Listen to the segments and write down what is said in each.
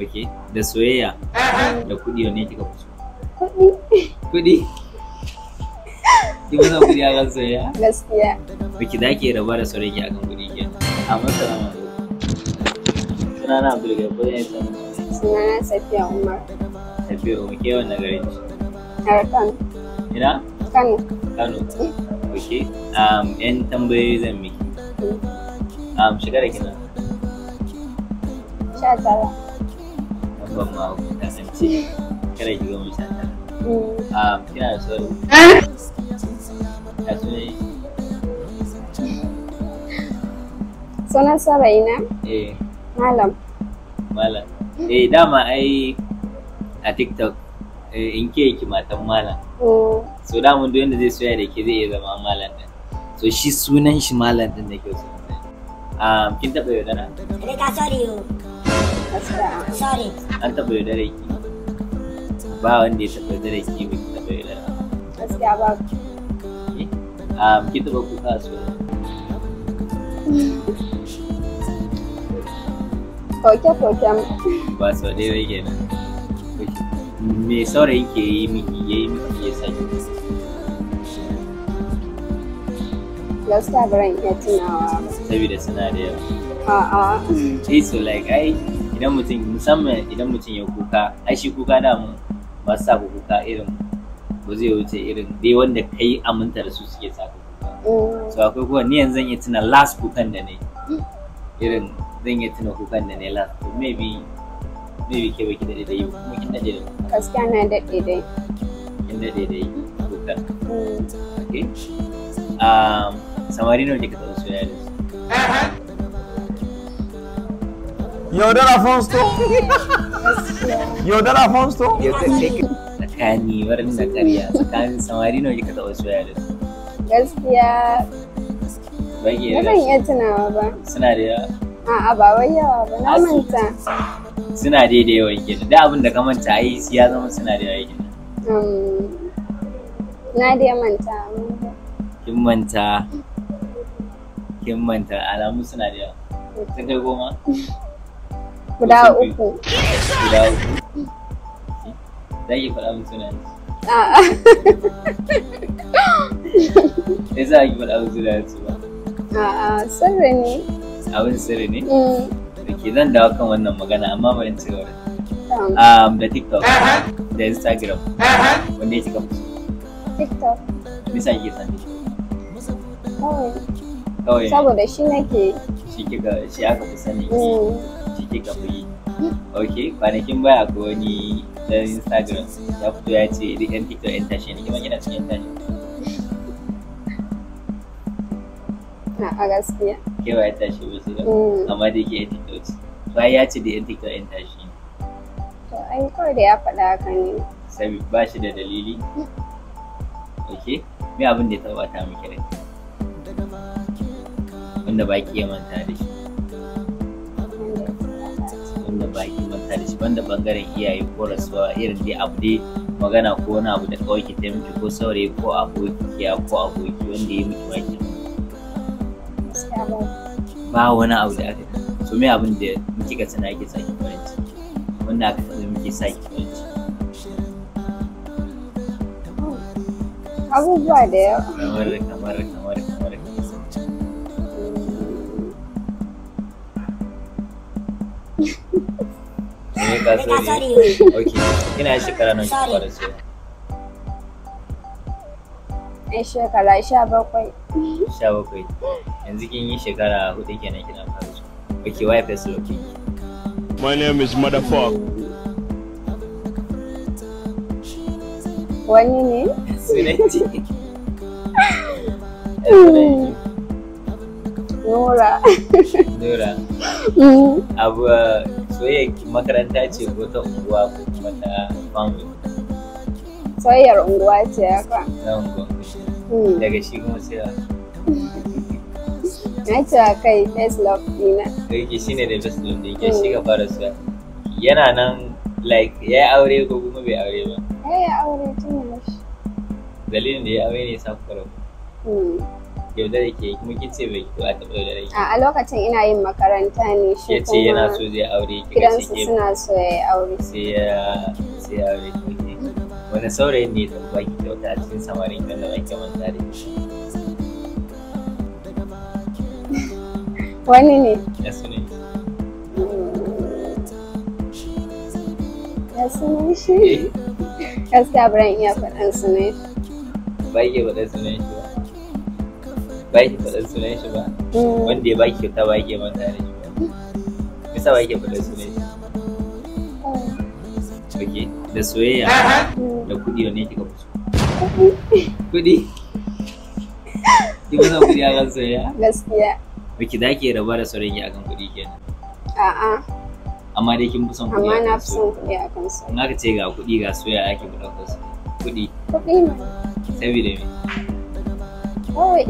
ok da soyayya da kuɗi wanne kika fi so kuɗi kuɗi ki masa kuɗi a kan soyayya gaskiya biki za ki raba da a kan kuɗi ke amma salamu alaikum sunana abdul gabbar ya Suna na safiya umar safiya umar ke wannan garin ci har kano ina kano kano ok um, yan tambayoyi zan miki mm. um, shekara kina sha tara ban ma kasance kada ki gama shata a kina da sauri ya sune ina? eh malam malam eh dama ai a tiktok eh, eh, eh, in ke ki matan malam so da mun da zai soya da ke zai iya zama malam din so shi sunan shi malam din da ke so ah, kin taɓa yaudara? Rika sorry Sorry. An taɓa yaudare ki. Ba wanda ya taɓa yaudare ki ba ki taɓa yaudare. Gaskiya ba. Um, eh? ki taɓa kuka a koke Ba sau ɗaya ba Me ke yi miki ya yi miki ya sa ki Gaskiya ba ran iya tunawa. suna da yawa. A'a. It's like I idan mutum musamman idan mutum ya kuka ai shi kuka da mu ba sa ku kuka irin ba zai wuce irin dai wanda kai aminta da su suke sa ku kuka oh. so akwai kuwa ni yanzu zan yi tuna last kukan da ne mm. irin zan yi tuna kukan da ne last maybe maybe ke baki da dai kuma kin da kuka gaskiya na daɗe dai kin da dai kuka mm. okay um samari nawa kika taɓa soyayya da Yaudara Fons to? Yaudara Fons to? Yaudara ka tsakani warin na karya tsakanin samari nawa kika taɓa soya da su. Gaskiya. Bage da. iya tunawa ba. Suna da yawa. A'a ba wai yawa ba na manta. Suna dai da yawa kenan. Da abin da ka manta ai ya zama suna da yawa kenan. Na dai manta. Kin manta. Kin manta alamu suna da yawa. Sun kai goma? guda uku guda uku zai yi faɗa min a'a Ah. za a yi faɗa min ba a'a sirri ne abin sirri ne mm. da zan dawo kan wannan magana amma bari in ci gaba da TikTok da Instagram wanda ya cika musu. TikTok. Bisa ke san Kawai. Kawai. Saboda shi nake. Shi kika shi aka fi sani. Mm. sai ka fi yi ok kwanakin baya ko wani dan instagram ya fito ya ce idan yan tiktok yan tashi ne kuma yana cikin tashi na a gaskiya kewa ya tashi wasu ba mm. amma da yake yan tiktok bayan ya ce da yan tiktok yan tashi ne to an kawai da ya faɗa haka ne sabi ba shi da dalili ok me abin da ya taɓa ta miki rai wanda ba ki iya manta da shi da baki manta da shi banda bangaren iyaye ko rasuwa irin dai abu dai magana ko wani abu da kawai ke ta miki ko saurayi ko abokiya ko aboki wanda ya miki maki ba wani abu da aka so me abin da muke ka tana yake saki farin ciki wanda aka tana muke saki farin ciki abubuwa da yawa kamar kamar kamar ne Yanzu kin yi shekara hudu kenan kina fara su. Ok, why name is Motherfuck. Wani ne? Sunanci. Nora. Nora. Mm. Abu uh, soyayyar makaranta ce ko ta unguwa ko kuma ta family soyayyar unguwa ce haka na unguwa hmm. daga shi kuma sai na ce kai best love dina yake shine da best love da yake hmm. shi ka fara suya. yana nan like ya aure ko kuma bai aure ba ya aure tun da shi dalilin da ya aure ne sa ku yaudare ke kuma ki ce bai ko a taɓa da ke a lokacin ina yin makaranta ne shi kuma ya yana so zai aure ki ga shi suna so ya aure sai ya sai ya aure ki wani saurayin ne da ba ki kyauta a cikin samarin kan da ake manta da shi wani ne ya ya shi eh. gaskiya bari in iya faɗan sunan ba ke shi ba ba ki faɗin sunan shi ba hmm. wanda ya ba ki kyauta ba ki yamma tare shi ba me sa ba ki faɗin sunan shi hmm. ok da soyayya eh, eh. da kuɗi wanne kika fi so kuɗi ki fi son kuɗi akan soyayya gaskiya baki da ke raba da sauran ki akan kuɗi kenan a'a amma dai kin fi son kuɗi amma na fi son kuɗi akan soyayya in aka ce ga kuɗi ga soyayya ake buɗa kuɗi kuɗi kuɗi ne da me kawai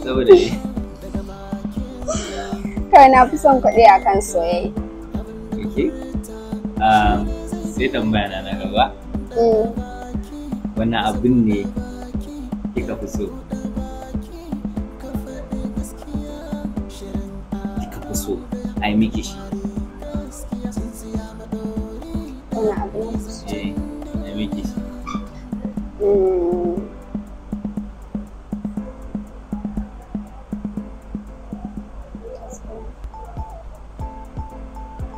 saboda shi kawai na fi son kuɗi a kan soyayya ok um, sai tambaya na na gaba mm. wani abin ne kika fi so kika fi so a miki shi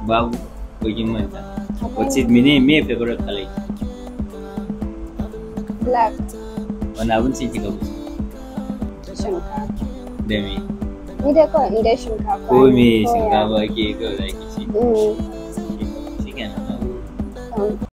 ko kogin manta what's it mene me favorite color black wani abinci kika fi shinkafa da me ni dai kawai ni dai ko me shinkafa ke kawai zaki ci mm. shi